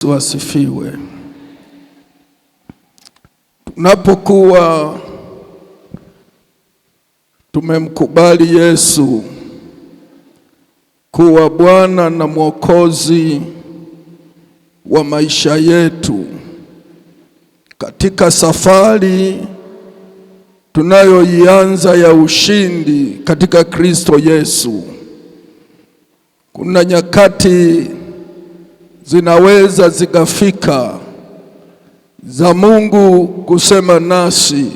Tuwasifiwe. Tunapokuwa tumemkubali Yesu kuwa Bwana na Mwokozi wa maisha yetu, katika safari tunayoianza ya ushindi katika Kristo Yesu, kuna nyakati zinaweza zikafika za Mungu kusema nasi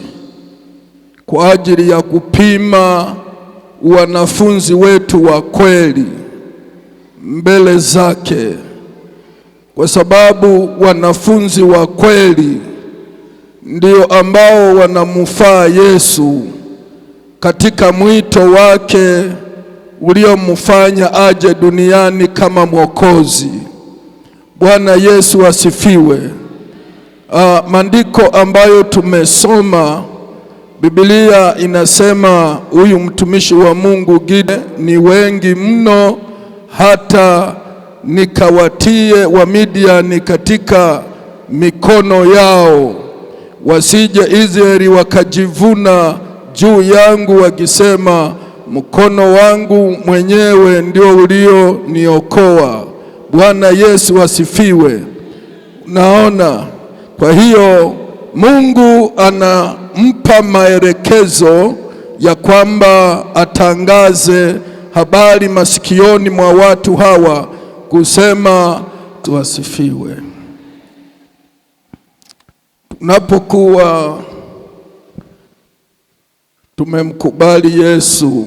kwa ajili ya kupima wanafunzi wetu wa kweli mbele zake, kwa sababu wanafunzi wa kweli ndio ambao wanamfaa Yesu katika mwito wake uliomfanya aje duniani kama Mwokozi. Bwana Yesu asifiwe. Uh, maandiko ambayo tumesoma Biblia inasema huyu mtumishi wa Mungu Gide ni wengi mno, hata nikawatie Wamidiani katika mikono yao, wasije Israeli wakajivuna juu yangu wakisema, mkono wangu mwenyewe ndio ulioniokoa. Bwana Yesu asifiwe. Naona kwa hiyo Mungu anampa maelekezo ya kwamba atangaze habari masikioni mwa watu hawa kusema tuasifiwe. Tunapokuwa tumemkubali Yesu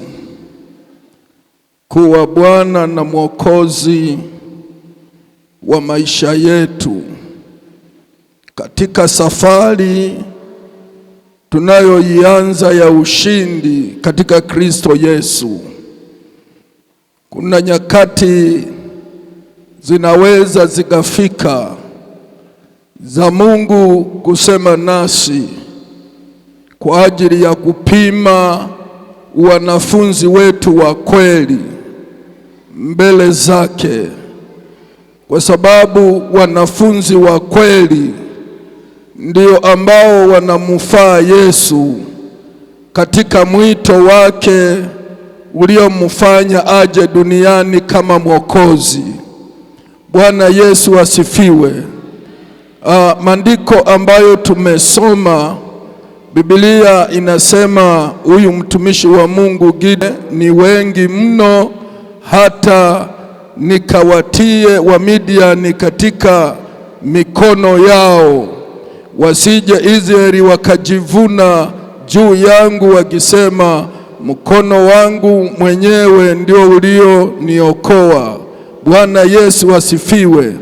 kuwa Bwana na Mwokozi wa maisha yetu katika safari tunayoianza ya ushindi katika Kristo Yesu. Kuna nyakati zinaweza zikafika za Mungu kusema nasi kwa ajili ya kupima wanafunzi wetu wa kweli mbele zake kwa sababu wanafunzi wa kweli ndio ambao wanamfaa Yesu katika mwito wake uliomfanya aje duniani kama Mwokozi. Bwana Yesu asifiwe. Uh, maandiko ambayo tumesoma Biblia inasema huyu mtumishi wa Mungu Gide ni wengi mno hata nikawatie Wamidiani katika mikono yao, wasije Israeli wakajivuna juu yangu wakisema, mkono wangu mwenyewe ndio ulioniokoa. Bwana Yesu asifiwe.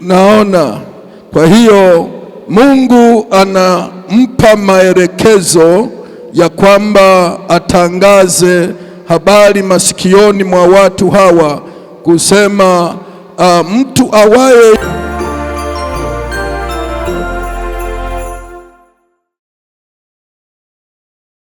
Naona, kwa hiyo Mungu anampa maelekezo ya kwamba atangaze habari masikioni mwa watu hawa kusema uh, mtu awaye